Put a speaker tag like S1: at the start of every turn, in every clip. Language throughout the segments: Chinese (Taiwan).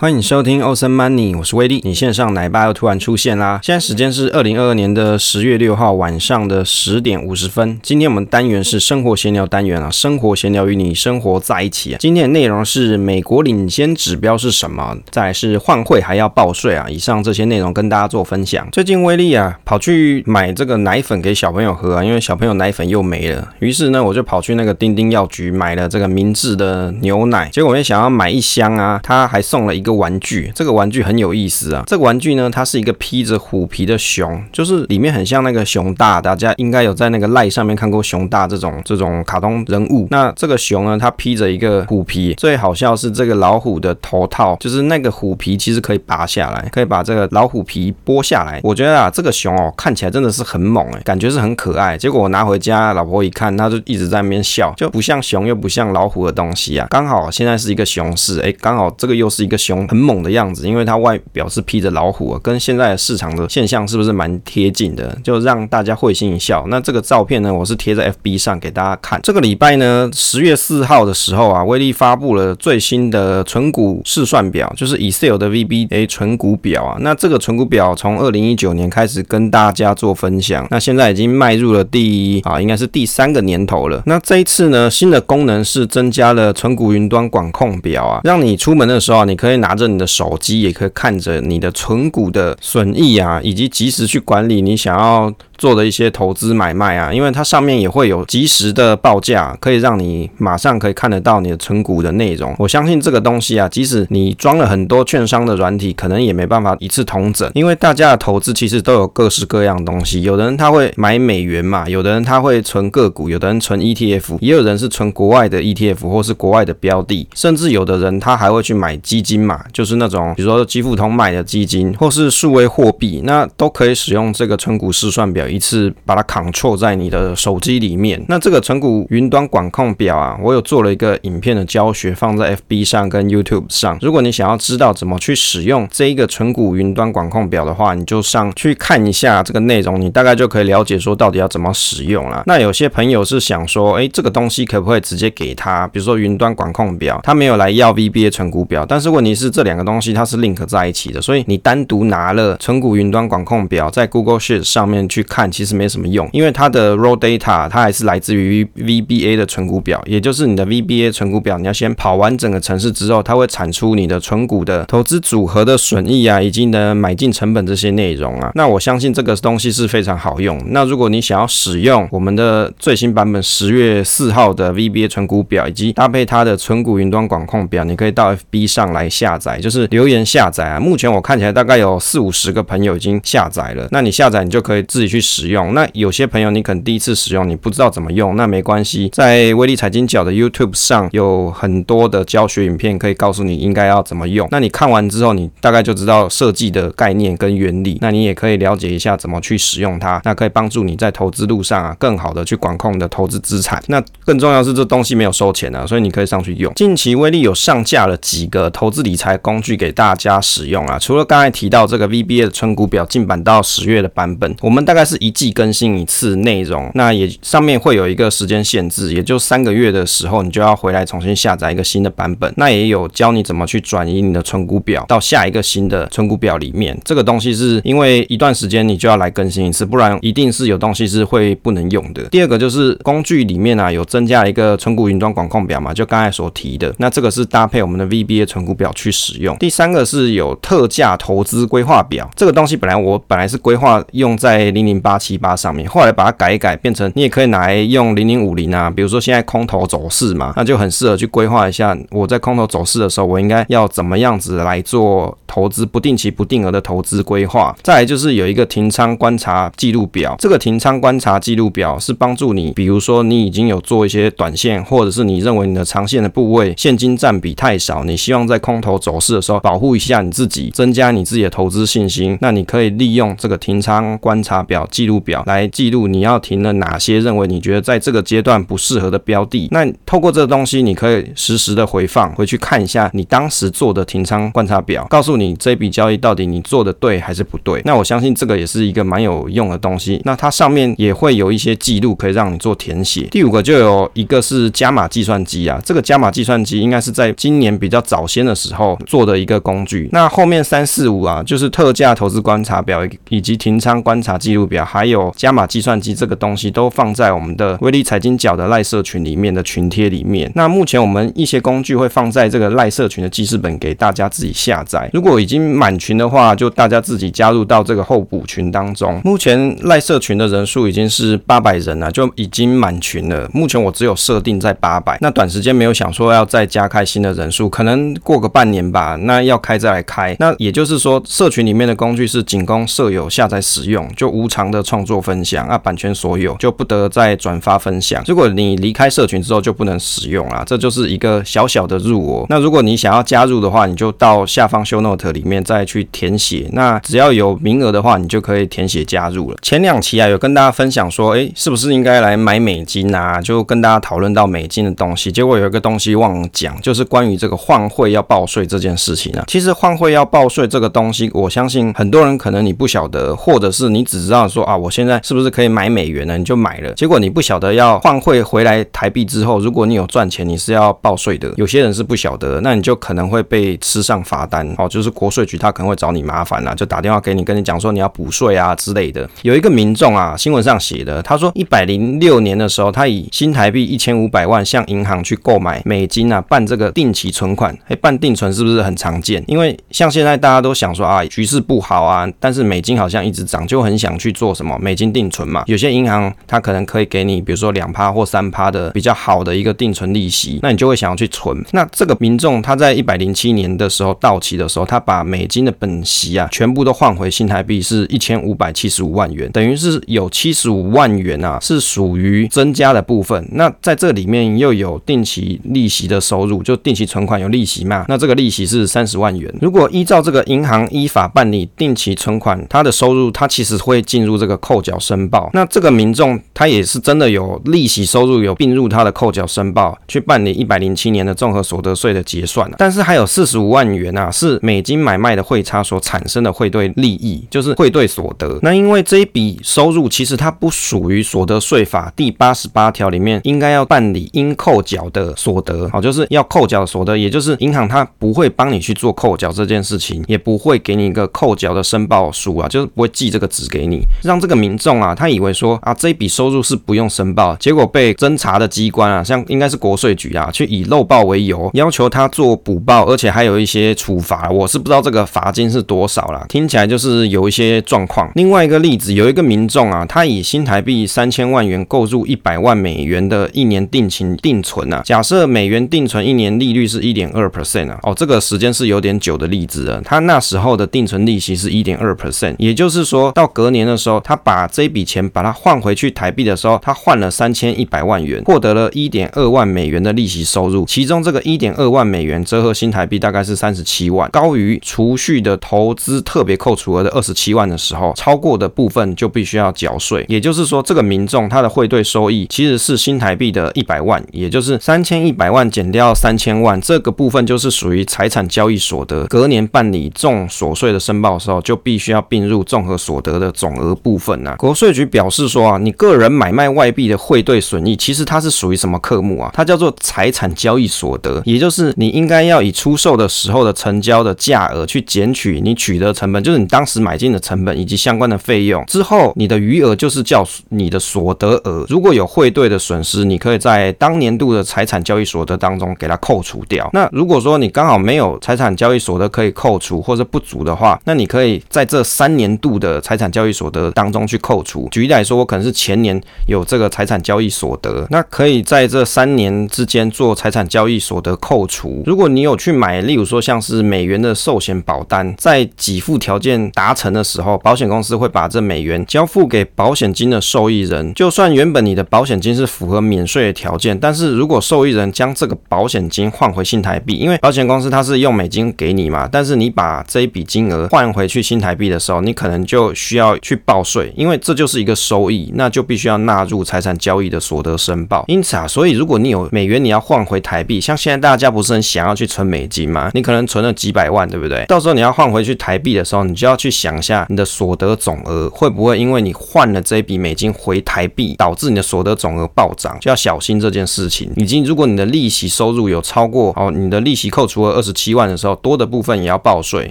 S1: 歡迎收聽 Awesome Money，我是威利。你線上奶爸又突然出現啦！現在時間是二零二二年的十月六號晚上的十點五十分。今天我們單元是生活閒聊單元啊，生活閒聊與你生活在一起啊。今天的內容是美國領先指標是什麼？再來是換匯還要報稅啊！以上這些內容跟大家做分享。最近威利啊，跑去買這個奶粉給小朋友喝啊，因為小朋友奶粉又沒了。於是呢，我就跑去那個丁丁藥局買了這個明治的牛奶。結果我也想要買一箱啊，他還送了一個。個玩具，這個玩具很有意思啊。這個玩具呢，它是一個披着虎皮的熊，就是裡面很像那個熊大。大家應該有在那個 LINE 上面看過熊大這種這種卡通人物。那這個熊呢，它披着一個虎皮，最好笑是這個老虎的頭套，就是那個虎皮其實可以拔下來，可以把這個老虎皮剝下來。我覺得啊，這個熊哦，看起來真的是很猛哎，感覺是很可愛。結果我拿回家，老婆一看，她就一直在那邊笑，就不像熊又不像老虎的東西啊。剛好現在是一個熊市，哎，剛好這個又是一個熊。很猛的樣子，因為它外表是披着老虎啊，跟現在的市場的現象是不是蠻貼近的？就讓大家會心一笑。那這個照片呢，我是貼在 FB 上給大家看。這個禮拜呢，十月四號的時候啊，威力發布了最新的存股試算表，就是 Excel 的 VBA 存股表啊。那這個存股表從二零一九年開始跟大家做分享，那現在已經邁入了第啊，應該是第三個年頭了。那這一次呢，新的功能是增加了存股雲端管控表啊，讓你出門的時候啊，你可以拿。拿着你的手機，也可以看着你的存股的損益啊，以及即時去管理你想要做的一些投資買賣啊，因為它上面也會有即時的報價，可以讓你馬上可以看得到你的存股的內容。我相信這個東西啊，即使你裝了很多券商的軟體，可能也沒辦法一次統整，因為大家的投資其實都有各式各樣的東西。有的人他會買美元嘛，有的人他會存個股，有的人存 ETF，也有人是存國外的 ETF 或是國外的標的，甚至有的人他還會去買基金嘛。就是那種，比如說基富通賣的基金，或是數位貨幣，那都可以使用這個存股試算表，一次把它 control 在你的手機裡面。那這個存股雲端管控表啊，我有做了一個影片的教學，放在 FB 上跟 YouTube 上。如果你想要知道怎麼去使用這一個存股雲端管控表的話，你就上去看一下這個內容，你大概就可以了解說到底要怎麼使用了。那有些朋友是想說，哎，這個東西可不可以直接給他？比如說雲端管控表，他沒有來要 VBA 存股表，但是問題是。這兩個東西它是 link 在一起的，所以你單獨拿了存股雲端管控表在 Google Sheet 上面去看，其實沒什麼用，因為它的 raw data 它還是來自於 VBA 的存股表，也就是你的 VBA 存股表，你要先跑完整個城市之後，它會產出你的存股的投資組合的損益啊，以及呢買進成本這些內容啊。那我相信這個東西是非常好用。那如果你想要使用我們的最新版本十月四號的 VBA 存股表，以及搭配它的存股雲端管控表，你可以到 FB 上來下。下載就是留言下載啊，目前我看起來大概有四五十個朋友已經下載了。那你下載你就可以自己去使用。那有些朋友，你可能第一次使用，你不知道怎麼用，那沒關係，在威利財經角的 YouTube 上有很多的教學影片，可以告訴你應該要怎麼用。那你看完之後，你大概就知道設計的概念跟原理，那你也可以了解一下怎麼去使用它，那可以幫助你在投資路上啊更好的去管控你的投資資產。那更重要是這東西沒有收錢啊，所以你可以上去用。近期威利有上架了幾個投資理才工具給大家使用啊，除了剛才提到這個 VBA 的存股表，進版到十月的版本，我們大概是一季更新一次內容，那也上面會有一個時間限制，也就三個月的時候，你就要回來重新下載一個新的版本。那也有教你怎麼去轉移你的存股表到下一個新的存股表裡面。這個東西是因為一段時間你就要來更新一次，不然一定是有東西是會不能用的。第二個就是工具裡面啊，有增加一個存股雲端管控表嘛，就剛才所提的，那這個是搭配我們的 VBA 存股表去。去使用。第三個是有特價投資規劃表，這個東西本來我本來是規劃用在零零八七八上面，後來把它改一改，變成你也可以拿來用零零五零啊。比如說現在空頭走勢嘛，那就很適合去規劃一下，我在空頭走勢的時候，我應該要怎麼樣子來做投資，不定期、不定額的投資規劃。再來就是有一個停倉觀察記錄表，這個停倉觀察記錄表是幫助你，比如說你已經有做一些短線，或者是你認為你的長線的部位現金佔比太少，你希望在空頭走勢的時候，保護一下你自己，增加你自己的投資信心。那你可以利用這個停倉觀察表記錄表來記錄你要停了哪些，認為你覺得在這個階段不適合的標的。那透過這個東西，你可以實時的回放，回去看一下你當時做的停倉觀察表，告訴你這筆交易到底你做的對還是不對。那我相信這個也是一個蠻有用的東西。那它上面也會有一些記錄，可以讓你做填寫。第五個就有一個是加碼計算機啊，這個加碼計算機應該是在今年比較早先的時候。做的一個工具，那後面三四五啊，就是特價投資觀察表以及停倉觀察記錄表，還有加碼計算機這個東西，都放在我們的威利財經角的賴社群裡面的群貼裡面。那目前我們一些工具會放在這個賴社群的記事本，給大家自己下載。如果已經滿群的話，就大家自己加入到這個候補群當中。目前賴社群的人數已經是八百人了，就已經滿群了。目前我只有設定在八百，那短時間沒有想說要再加開新的人數，可能過個半年，吧，那要開再來開，那也就是說，社群裡面的工具是僅供社友下載使用，就無償的創作分享啊，版權所有，就不得再轉發分享。如果你離開社群之後就不能使用了，這就是一個小小的入額、喔。那如果你想要加入的話，你就到下方 show note 裡面再去填寫。那只要有名額的話，你就可以填寫加入了。前兩期啊，有跟大家分享說，誒、欸，是不是應該來買美金啊？就跟大家討論到美金的東西，結果有一個東西忘了講，就是關於這個換匯要報稅。這件事情呢、啊，其實換匯要報稅這個東西，我相信很多人可能你不曉得，或者是你只知道說啊，我現在是不是可以買美元呢？你就買了，結果你不曉得要換匯回來台幣之後，如果你有賺錢，你是要報稅的。有些人是不曉得，那你就可能會被吃上罰單哦，就是國稅局他可能會找你麻煩啦、啊，就打電話給你，跟你講說你要補稅啊之類的。有一個民眾啊，新聞上寫的，他說一百零六年的時候，他以新台幣一千五百萬向銀行去購買美金啊，辦這個定期存款，還、哎、辦定存。是不是很常見？因為像現在大家都想說啊，局勢不好啊，但是美金好像一直漲，就很想去做什麼美金定存嘛。有些銀行它可能可以給你，比如說兩趴或三趴的比較好的一個定存利息，那你就會想要去存。那這個民眾他在一百零七年的時候到期的時候，他把美金的本息啊全部都換回新台幣是一千五百七十五萬元，等於是有七十五萬元啊是屬於增加的部分。那在這裡面又有定期利息的收入，就定期存款有利息嘛，那這個。利息是三十萬元。如果依照這個銀行依法辦理定期存款，它的收入它其實會進入這個扣繳申報。那這個民眾他也是真的有利息收入，有併入他的扣繳申報去辦理一百零七年的綜合所得稅的結算。但是還有四十五萬元啊，是美金買賣的匯差所產生的匯兌利益，就是匯兌所得。那因為這一筆收入其實它不屬於所得稅法第八十八條裡面應該要辦理應扣繳的所得，好，就是要扣繳的所得，也就是銀行它不。不會幫你去做扣繳這件事情，也不會給你一個扣繳的申報書啊，就是不會寄這個紙給你，讓這個民眾啊，他以為說啊，這一筆收入是不用申報，結果被偵查的機關啊，像應該是國稅局啊，卻以漏報為由要求他做補報，而且還有一些處罰，我是不知道這個罰金是多少啦，聽起來就是有一些狀況。另外一個例子，有一個民眾啊，他以新台幣三千萬元購入一百萬美元的一年定情定存啊，假設美元定存一年利率是一點二 percent 啊，哦。這個時間是有點久的例子了。他那時候的定存利息是1.2%，也就是說到隔年的時候，他把這筆錢把它換回去台幣的時候，他換了三千一百萬元，獲得了一點二萬美元的利息收入。其中這個一點二萬美元折合新台幣大概是三十七萬，高於儲蓄的投資特別扣除額的二十七萬的時候，超過的部分就必須要繳稅。也就是說，這個民眾他的匯兌收益其實是新台幣的一百萬，也就是三千一百萬減掉三千萬，這個部分就是屬於。財產交易所得，隔年辦理綜所稅的申報的時候，就必須要併入綜合所得的總額部分吶、啊。國稅局表示說啊，你個人買賣外幣的匯兌損益，其實它是屬於什麼科目啊？它叫做財產交易所得，也就是你應該要以出售的時候的成交的價額去減取你取得成本，就是你當時買進的成本以及相關的費用之後，你的餘額就是叫你的所得額。如果有匯兌的損失，你可以在當年度的財產交易所得當中給它扣除掉。那如果說你剛好沒有財產交易所得可以扣除，或者不足的話，那你可以在這三年度的財產交易所得當中去扣除。舉例來說，我可能是前年有這個財產交易所得，那可以在這三年之間做財產交易所得扣除。如果你有去買，例如說像是美元的壽險保單，在給付條件達成的時候，保險公司會把這美元交付給保險金的受益人。就算原本你的保險金是符合免稅的條件，但是如果受益人將這個保險金換回新台幣，因為保險公司。他是用美金給你嘛？但是你把這一筆金額換回去新台幣的時候，你可能就需要去報稅，因為這就是一個收益，那就必須要納入財產交易的所得申報。因此啊，所以如果你有美元，你要換回台幣，像現在大家不是很想要去存美金嘛？你可能存了幾百萬，對不對？到時候你要換回去台幣的時候，你就要去想一下你的所得總額會不會因為你換了這一筆美金回台幣，導致你的所得總額暴漲，就要小心這件事情。以及如果你的利息收入有超過哦，你的利息扣除額。二十七萬的時候，多的部分也要報稅，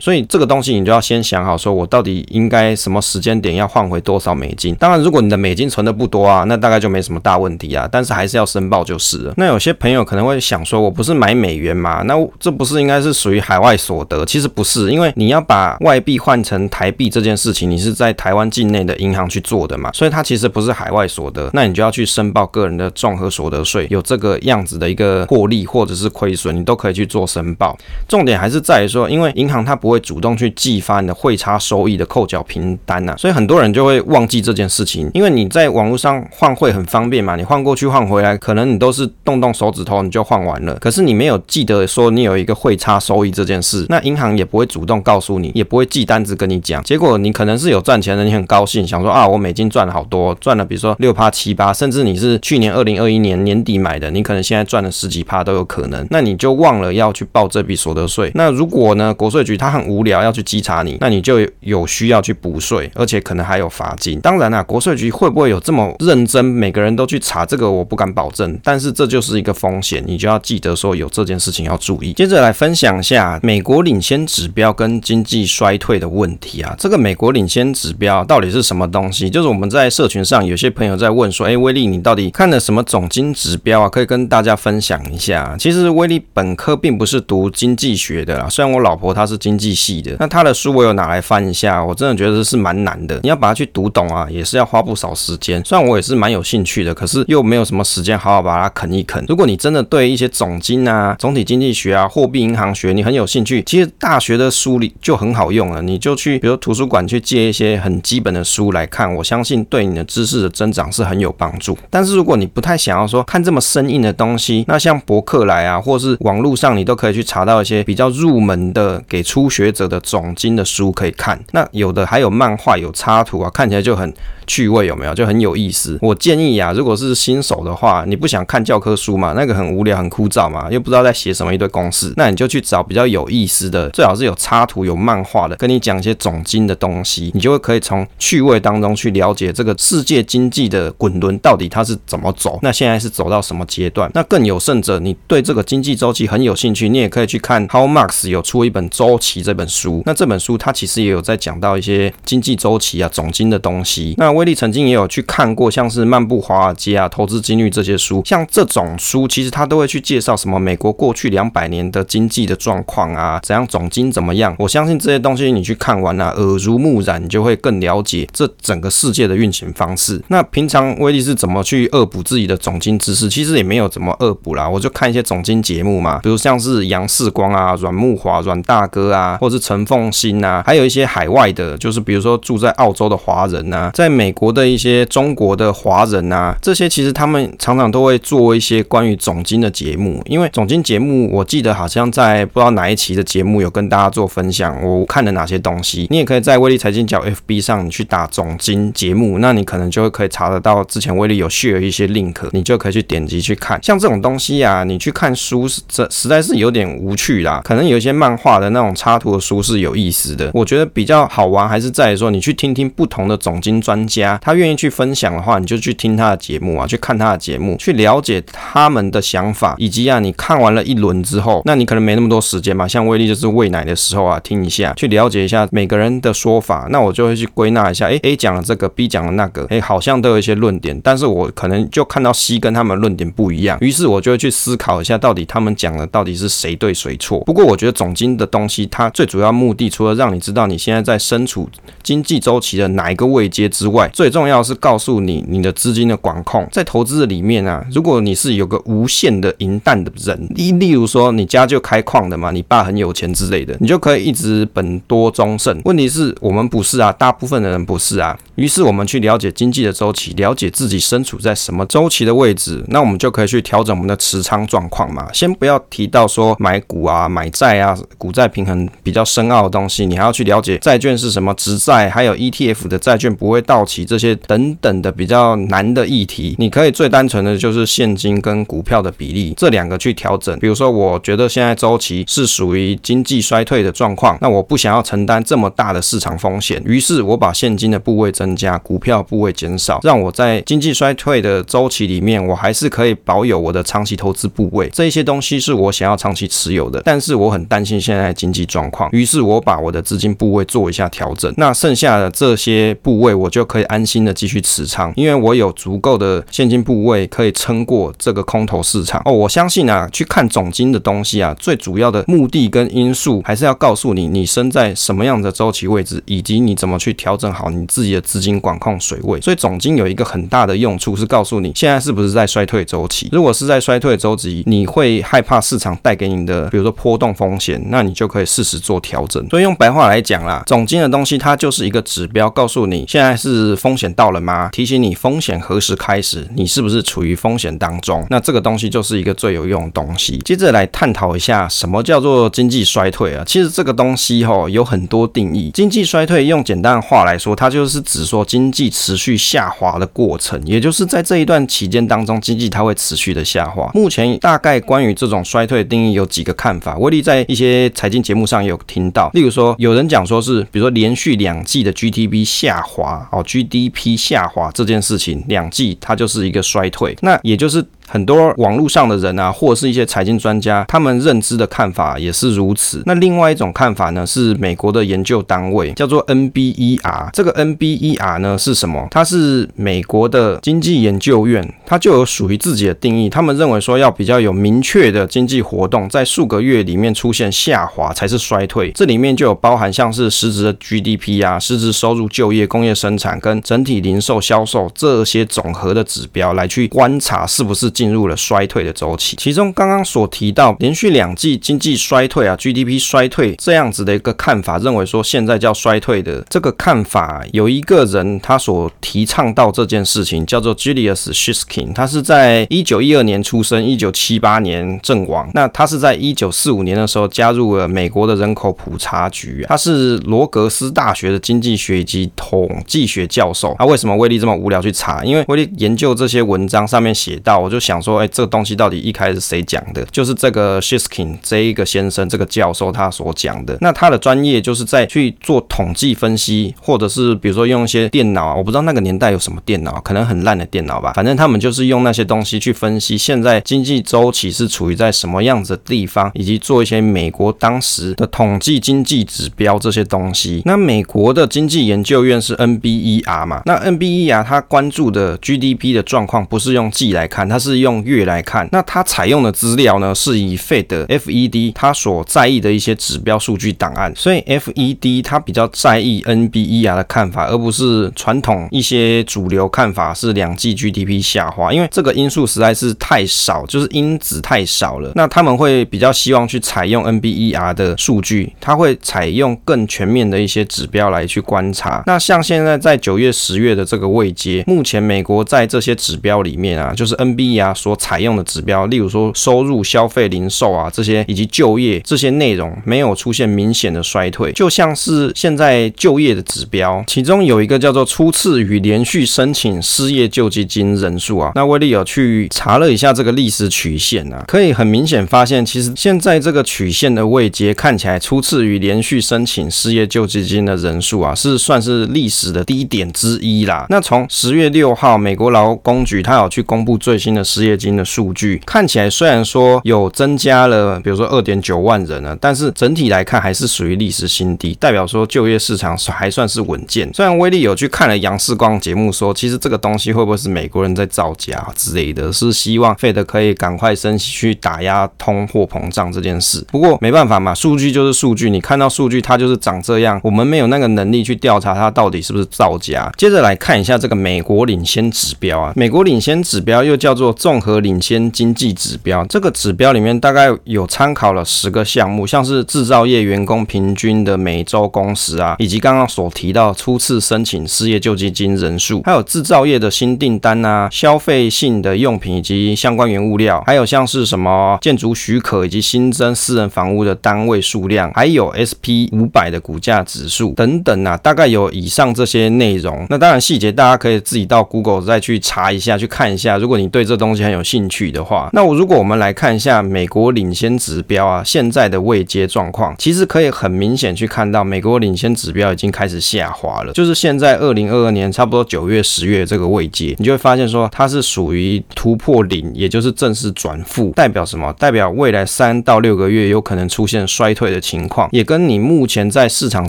S1: 所以這個東西你就要先想好，說我到底應該什麼時間點要換回多少美金？當然，如果你的美金存的不多啊，那大概就沒什麼大問題啊，但是還是要申報就是了。那有些朋友可能會想說，我不是買美元嗎？那這不是應該是屬於海外所得？其實不是，因為你要把外幣換成台幣這件事情，你是在台灣境內的銀行去做的嘛，所以它其實不是海外所得，那你就要去申報個人的綜合所得稅，有這個樣子的一個獲利或者是虧損，你都可以去做申報。重點還是在於說，因為銀行它不會主動去寄發你的匯差收益的扣繳憑單吶、啊，所以很多人就會忘記這件事情。因為你在網絡上換匯很方便嘛，你換過去換回來，可能你都是動動手指頭你就換完了。可是你沒有記得說你有一個匯差收益這件事，那銀行也不會主動告訴你，也不會寄單子跟你講。結果你可能是有賺錢的，你很高興，想說啊，我美金賺了好多，賺了比如說六趴七八，甚至你是去年二零二一年年底買的，你可能現在賺了十幾趴都有可能，那你就忘了要去報這比所得稅，那如果呢？國稅局他很無聊要去稽查你，那你就有需要去補稅，而且可能還有罰金。當然啊，國稅局會不會有這麼認真，每個人都去查這個，我不敢保證。但是這就是一個風險，你就要記得說有這件事情要注意。接着來分享一下美國領先指標跟經濟衰退的問題啊。這個美國領先指標到底是什麼東西？就是我們在社群上有些朋友在問說，誒、欸，威利你到底看了什麼總經指標啊？可以跟大家分享一下。其實威利本科並不是讀。經濟學的啦，雖然我老婆她是經濟系的，那她的書我有拿來翻一下，我真的覺得是蠻難的。你要把它去讀懂啊，也是要花不少時間。雖然我也是蠻有興趣的，可是又沒有什麼時間好好把它啃一啃。如果你真的對一些總經啊、總體經濟學啊、貨幣銀行學你很有興趣，其實大學的書裡就很好用了，你就去比如圖書館去借一些很基本的書來看，我相信對你的知識的增長是很有幫助。但是如果你不太想要說看這麼生硬的東西，那像博客來啊，或者是網絡上你都可以去查。查到一些比較入門的給初學者的總經的書可以看，那有的還有漫畫有插圖啊，看起來就很趣味，有沒有？就很有意思。我建議啊，如果是新手的話，你不想看教科書嘛，那個很無聊很枯燥嘛，又不知道在寫什麼一堆公式，那你就去找比較有意思的，最好是有插圖有漫畫的，跟你講一些總經的東西，你就會可以從趣味當中去了解這個世界經濟的滾輪到底它是怎麼走，那現在是走到什麼階段？那更有甚者，你對這個經濟週期很有興趣，你也可以。去看 How Marx 有出一本周期這本書，那這本書他其實也有在講到一些經濟周期啊、總經的東西。那威利曾經也有去看過像是《漫步華爾街》啊、《投資金律》這些書，像這種書其實他都會去介紹什麼美國過去兩百年的經濟的狀況啊，怎樣總經怎麼樣。我相信這些東西你去看完了啊，耳濡目染你就會更了解這整個世界的運行方式。那平常威利是怎麼去惡補自己的總經知識？其實也沒有怎麼惡補啦，我就看一些總經節目嘛，比如像是楊。志光啊，阮慕驊、阮大哥啊，或者是陳鳳馨啊，還有一些海外的，就是比如說住在澳洲的華人啊，在美國的一些中國的華人啊，這些其實他們常常都會做一些關於總經的節目。因為總經節目，我記得好像在不知道哪一期的節目有跟大家做分享，我看了哪些東西。你也可以在威利財經角 FB 上，你去打總經節目，那你可能就會可以查得到之前威利有 share 一些 link，你就可以去點擊去看。像這種東西啊，你去看書這實在是有點無。無趣啦，可能有一些漫畫的那種插圖的書是有意思的。我覺得比較好玩，還是在於說你去聽聽不同的總經專家，他願意去分享的話，你就去聽他的節目啊，去看他的節目，去了解他們的想法。以及啊，你看完了一輪之後，那你可能沒那麼多時間嘛。像威利就是餵奶的時候啊，聽一下，去了解一下每個人的說法。那我就會去歸納一下，誒，A 講了這個，B 講了那個，誒，好像都有一些論點，但是我可能就看到 C 跟他們論點不一樣，於是我就會去思考一下，到底他們講的到底是誰對。誰錯？不過我覺得總經的東西，它最主要目的，除了讓你知道你現在在身處經濟週期的哪一個位階之外，最重要是告訴你你的資金的管控。在投資裡面啊，如果你是有個無限的銀彈的人，例例如說你家就開礦的嘛，你爸很有錢之類的，你就可以一直本多終勝。問題是我們不是啊，大部分的人不是啊。於是我們去了解經濟的周期，了解自己身處在什麼周期的位置，那我們就可以去調整我們的持倉狀況嘛。先不要提到說買股啊、買債啊、股債平衡比較深奧的東西，你還要去了解債券是什麼、直債，還有 ETF 的債券不會到期這些等等的比較難的議題。你可以最單純的就是現金跟股票的比例這兩個去調整。比如說，我覺得現在周期是屬於經濟衰退的狀況，那我不想要承擔這麼大的市場風險，於是我把現金的部位增。增加，股票部位減少，讓我在經濟衰退的周期裡面，我還是可以保有我的長期投資部位。這些東西是我想要長期持有的，但是我很擔心現在經濟狀況，於是我把我的資金部位做一下調整。那剩下的這些部位，我就可以安心的繼續持倉，因為我有足夠的現金部位可以撐過這個空頭市場。哦，我相信啊，去看總經的東西啊，最主要的目的跟因素，還是要告訴你，你身在什麼樣的周期位置，以及你怎麼去調整好你自己的資資金管控水位，所以總經有一個很大的用處是告訴你現在是不是在衰退周期。如果是在衰退周期，你會害怕市場帶給你的，比如說波動風險，那你就可以適時做調整。所以用白話來講啦，總經的東西它就是一個指標，告訴你現在是風險到了嗎？提醒你風險何時開始，你是不是處於風險當中？那這個東西就是一個最有用的東西。接着來探討一下什麼叫做經濟衰退啊？其實這個東西齁有很多定義。經濟衰退用簡單的話來說，它就是指。說經濟持續下滑的過程，也就是在這一段期間當中，經濟它會持續的下滑。目前大概關於這種衰退的定義有幾個看法，威利在一些財經節目上有聽到，例如說有人講說是，比如說連續兩季的 GDP 下滑，哦 GDP 下滑這件事情，兩季它就是一個衰退，那也就是。很多網絡上的人啊，或者是一些財經專家，他們認知的看法也是如此。那另外一種看法呢，是美國的研究單位叫做 NBER。這個 NBER 呢是什麼？它是美國的經濟研究院，它就有屬於自己的定義。他們認為說，要比較有明確的經濟活動，在數個月裡面出現下滑才是衰退。這裡面就有包含像是實質的 GDP 啊、實質收入、就業、工業生產跟整體零售銷售這些總和的指標來去觀察是不是。進入了衰退的週期，其中剛剛所提到連續兩季經濟衰退啊，GDP 衰退這樣子的一個看法，認為說現在叫衰退的這個看法，有一個人他所提倡到這件事情叫做 Julius Shiskin，他是在一九一二年出生，一九七八年陣亡。那他是在一九四五年的時候加入了美國的人口普查局，啊，他是羅格斯大學的經濟學以及統計學教授，啊。他為什麼威利這麼無聊去查？因為威利研究這些文章上面寫到，我就想說，哎、欸，這個東西到底一開始誰講的？就是這個 Shiskin 這一個先生，這個教授他所講的。那他的專業就是在去做統計分析，或者是比如說用一些電腦啊，我不知道那個年代有什麼電腦，可能很爛的電腦吧。反正他們就是用那些東西去分析現在經濟週期是處於在什麼樣子的地方，以及做一些美國當時的統計經濟指標這些東西。那美國的經濟研究院是 NBER 嘛？那 NBER 他關注的 GDP 的狀況不是用 G 來看，它是。用月來看，那它採用的資料呢，是以 FED FED 它所在意的一些指標數據檔案，所以 FED 它比較在意 NBER 的看法，而不是傳統一些主流看法是兩季 GDP 下滑，因為這個因素實在是太少，就是因子太少了。那他們會比較希望去採用 NBER 的數據，它會採用更全面的一些指標來去觀察。那像現在在九月十月的這個位階，目前美國在這些指標裡面啊，就是 NBER。所採用的指標，例如說收入、消費、零售啊這些，以及就業這些內容，沒有出現明顯的衰退。就像是現在就業的指標，其中有一個叫做初次與連續申請失業救濟金人數啊。那威利有去查了一下這個歷史曲線啊，可以很明顯發現，其實現在這個曲線的位階看起來，初次與連續申請失業救濟金的人數啊，是算是歷史的低點之一啦。那從十月六號，美國勞工局它有去公布最新的。失業金的數據看起來雖然說有增加了，比如說二點九萬人了，但是整體來看還是屬於歷史新低，代表說就業市場還算是穩健。雖然威利有去看了楊世光節目說，其實這個東西會不會是美國人在造假之類的，是希望費德可以趕快升息去打壓通貨膨脹這件事。不過沒辦法嘛，數據就是數據，你看到數據它就是長這樣，我們沒有那個能力去調查它到底是不是造假。接着來看一下這個美國領先指標啊，美國領先指標又叫做。綜合領先經濟指標，這個指標裡面大概有參考了十個項目，像是製造業員工平均的每週工時啊，以及剛剛所提到初次申請失業救濟金人數，還有製造業的新訂單啊，消費性的用品以及相關原物料，還有像是什麼建築許可以及新增私人房屋的單位數量，還有 SP 五百的股價指數等等啊，大概有以上這些內容。那當然細節大家可以自己到 Google 再去查一下，去看一下。如果你對這東西東西很有興趣的話，那我如果我們來看一下美國領先指標啊，現在的位階狀況，其實可以很明顯去看到美國領先指標已經開始下滑了。就是現在二零二二年差不多九月、十月這個位階，你就會發現說它是屬於突破零，也就是正式轉負，代表什麼？代表未來三到六個月有可能出現衰退的情況，也跟你目前在市場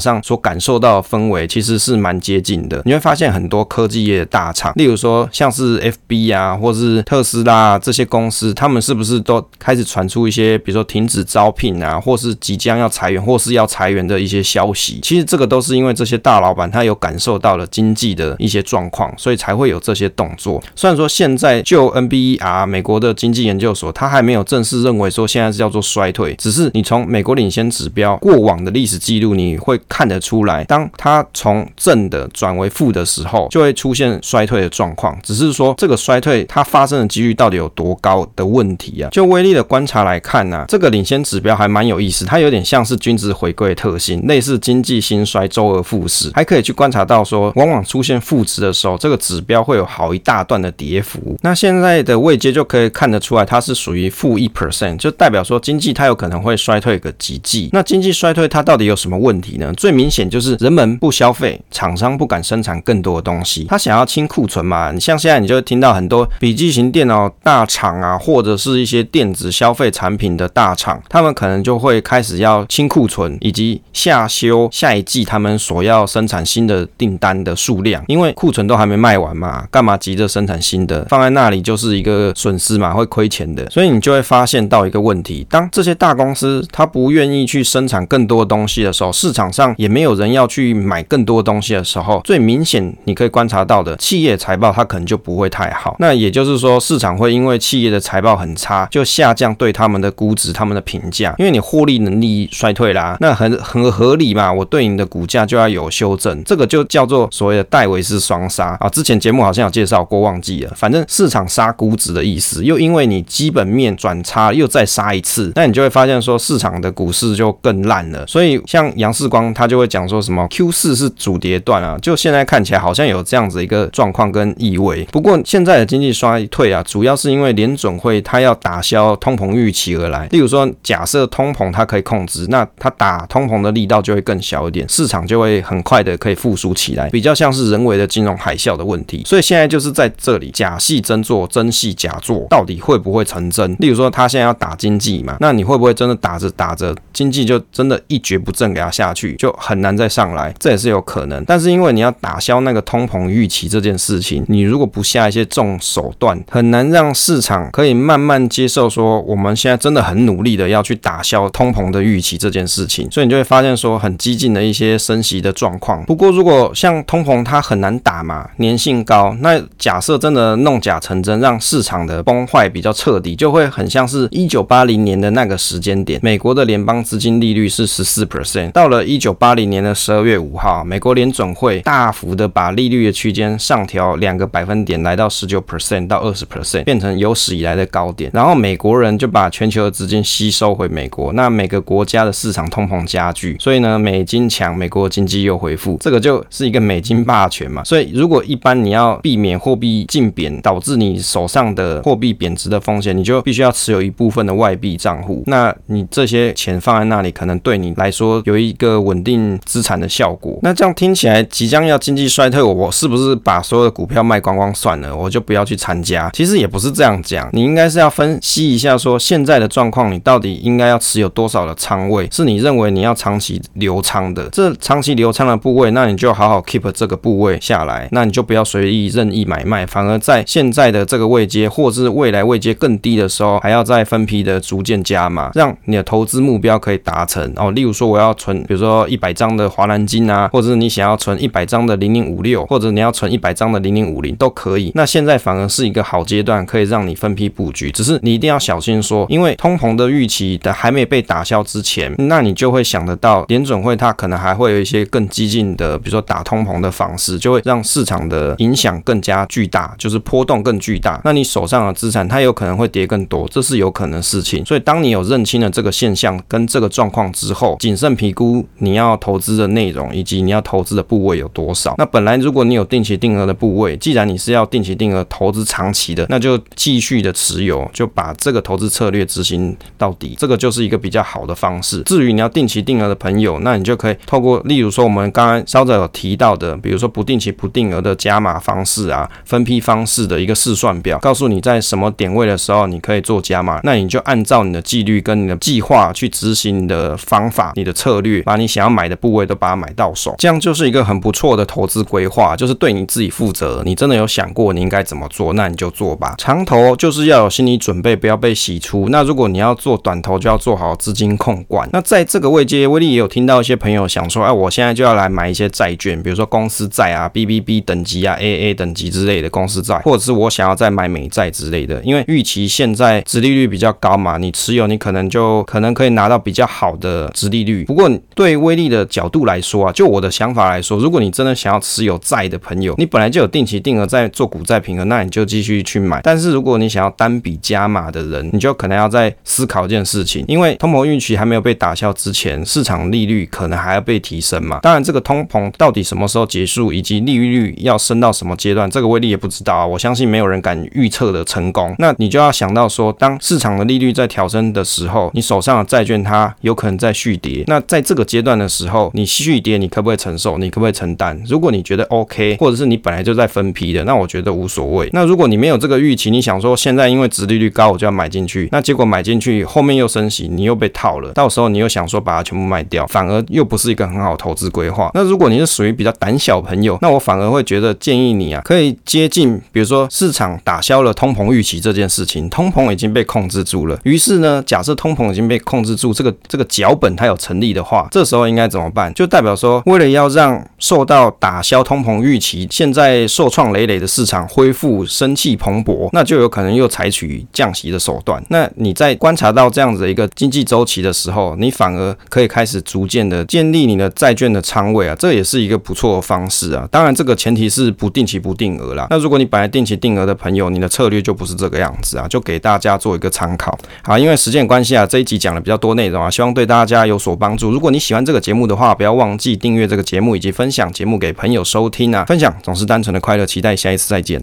S1: 上所感受到的氛圍其實是蠻接近的。你會發現很多科技業的大廠，例如說像是 FB 啊，或是特。司啦，這些公司他們是不是都開始傳出一些，比如說停止招聘啊，或是即將要裁員，或是要裁員的一些消息？其實這個都是因為這些大老板他有感受到了經濟的一些狀況，所以才會有這些動作。雖然說現在就 NBER 美國的經濟研究所，他還沒有正式認為說現在是叫做衰退，只是你從美國領先指標過往的歷史記錄，你會看得出來，當他從正的轉為負的時候，就會出現衰退的狀況。只是說這個衰退它發生的。到底有多高的問題啊？就威利的觀察來看呢、啊，這個領先指標還蠻有意思，它有點像是均值回歸的特性，類似經濟興衰周而復始，還可以去觀察到說，往往出現負值的時候，這個指標會有好一大段的跌幅。那現在的位階就可以看得出來，它是屬於負一 percent，就代表說經濟它有可能會衰退一個幾季。那經濟衰退它到底有什麼問題呢？最明顯就是人們不消費，廠商不敢生產更多的東西，他想要清庫存嘛。你像現在你就會聽到很多筆記型電那大廠啊，或者是一些電子消費產品的大廠，他們可能就會開始要清庫存，以及下修下一季他們所要生產新的訂單的數量，因為庫存都還沒賣完嘛，幹嘛急着生產新的？放在那裡就是一個損失嘛，會虧錢的。所以你就會發現到一個問題：當這些大公司他不願意去生產更多東西的時候，市場上也沒有人要去買更多東西的時候，最明顯你可以觀察到的，企業財報它可能就不會太好。那也就是說市。市場會因為企業的財報很差就下降對他們的估值、他們的評價，因為你獲利能力衰退啦，那很很合理嘛，我對你的股價就要有修正，這個就叫做所謂的戴維斯雙殺啊。之前節目好像有介紹過，忘記了，反正市場殺估值的意思，又因為你基本面轉差又再殺一次，那你就會發現說市場的股市就更爛了。所以像楊世光他就會講說什麼 Q 四是主跌段啊，就現在看起來好像有這樣子一個狀況跟意味。不過現在的經濟衰退啊。主要是因為聯準會它要打消通膨預期而來，例如說，假設通膨它可以控制，那它打通膨的力道就會更小一點，市場就會很快的可以復甦起來，比較像是人為的金融海嘯的問題。所以現在就是在這裡，假戲真做，真戲假做，到底會不會成真？例如說，他現在要打經濟嘛，那你會不會真的打着打着經濟就真的一蹶不振，給他下去，就很難再上來，這也是有可能。但是因為你要打消那個通膨預期這件事情，你如果不下一些重手段，很難。能讓市場可以慢慢接受，說我們現在真的很努力的要去打消通膨的預期這件事情，所以你就會發現說很激進的一些升息的狀況。不過如果像通膨它很難打嘛，粘性高，那假設真的弄假成真，讓市場的崩壞比較徹底，就會很像是一九八零年的那個時間點，美國的聯邦資金利率是十四 percent，到了一九八零年的十二月五號，美國聯準會大幅的把利率的區間上調兩個百分點，來到十九 percent 到二十 percent。變成有史以來的高點，然後美國人就把全球的資金吸收回美國，那每個國家的市場通膨加劇，所以呢，美金強，美國的經濟又恢復，這個就是一個美金霸權嘛。所以如果一般你要避免貨幣競貶導致你手上的貨幣貶值的風險，你就必須要持有一部分的外幣賬戶。那你這些錢放在那裡，可能對你來說有一個穩定資產的效果。那這樣聽起來即將要經濟衰退，我是不是把所有的股票賣光光算了，我就不要去參加？其其實也不是這樣講，你應該是要分析一下，說現在的狀況，你到底應該要持有多少的倉位，是你認為你要長期留倉的，這長期留倉的部位，那你就好好 keep 這個部位下來，那你就不要隨意任意買賣，反而在現在的這個位階，或者是未來位階更低的時候，還要再分批的逐漸加碼，讓你的投資目標可以達成哦。例如說我要存，比如說一百張的華南金啊，或者是你想要存一百張的零零五六，或者你要存一百張的零零五零都可以。那現在反而是一個好階段。階段可以讓你分批布局，只是你一定要小心說，因為通膨的預期的還沒被打消之前，那你就會想得到聯準會它可能還會有一些更激進的，比如說打通膨的方式，就會讓市場的影響更加巨大，就是波動更巨大。那你手上的資產它有可能會跌更多，這是有可能的事情。所以當你有認清了這個現象跟這個狀況之後，謹慎評估你要投資的內容以及你要投資的部位有多少。那本來如果你有定期定額的部位，既然你是要定期定額投資長期的。那就繼續的持有，就把這個投資策略執行到底，這個就是一個比較好的方式。至於你要定期定額的朋友，那你就可以透過，例如說我們剛剛稍早有提到的，比如說不定期不定額的加碼方式啊，分批方式的一個試算表，告訴你在什麼點位的時候你可以做加碼，那你就按照你的紀律跟你的計劃去執行你的方法，你的策略，把你想要買的部位都把它買到手，這樣就是一個很不錯的投資規劃，就是對你自己負責，你真的有想過你應該怎麼做，那你就做。吧，長投就是要有心理準備，不要被洗出。那如果你要做短投，就要做好資金控管。那在這個位階，威利也有聽到一些朋友想說，哎、啊，我現在就要來買一些債券，比如說公司債啊、BBB 等級啊、AA 等級之類的公司債，或者是我想要再買美債之類的。因為預期現在殖利率比較高嘛，你持有你可能就可能可以拿到比較好的殖利率。不過對威利的角度來說啊，就我的想法來說，如果你真的想要持有債的朋友，你本來就有定期定額在做股債平衡，那你就繼續去。但是如果你想要單筆加碼的人，你就可能要在思考一件事情，因為通膨預期還沒有被打消之前，市場利率可能還要被提升嘛。當然，這個通膨到底什麼時候結束，以及利率要升到什麼階段，這個威利也不知道啊。我相信沒有人敢預測的成功。那你就要想到說，當市場的利率在調升的時候，你手上的債券它有可能在續跌。那在這個階段的時候，你續跌，你可不可以承受？你可不可以承擔？如果你覺得 OK，或者是你本來就在分批的，那我覺得無所謂。那如果你沒有這個，預期，你想說現在因為殖利率高我就要買進去，那結果買進去後面又升息，你又被套了。到時候你又想說把它全部賣掉，反而又不是一個很好投資規劃。那如果你是屬於比較膽小朋友，那我反而會覺得建議你啊，可以接近比如說市場打消了通膨預期這件事情，通膨已經被控制住了。於是呢，假設通膨已經被控制住，這個這個腳本它有成立的話，這時候應該怎麼辦？就代表說，為了要讓受到打消通膨預期、現在受創累累的市場恢復生氣蓬勃。那就有可能又採取降息的手段。那你在觀察到這樣子的一個經濟週期的時候，你反而可以開始逐漸的建立你的債券的倉位啊，這也是一個不錯的方式啊。當然，這個前提是不定期不定額啦。那如果你本來定期定額的朋友，你的策略就不是這個樣子啊，就給大家做一個參考。好，因為時間關係啊，這一集講了比較多內容啊，希望對大家有所幫助。如果你喜歡這個節目的話，不要忘記訂閱這個節目以及分享節目給朋友收聽啊。分享總是單純的快樂，期待下一次再見。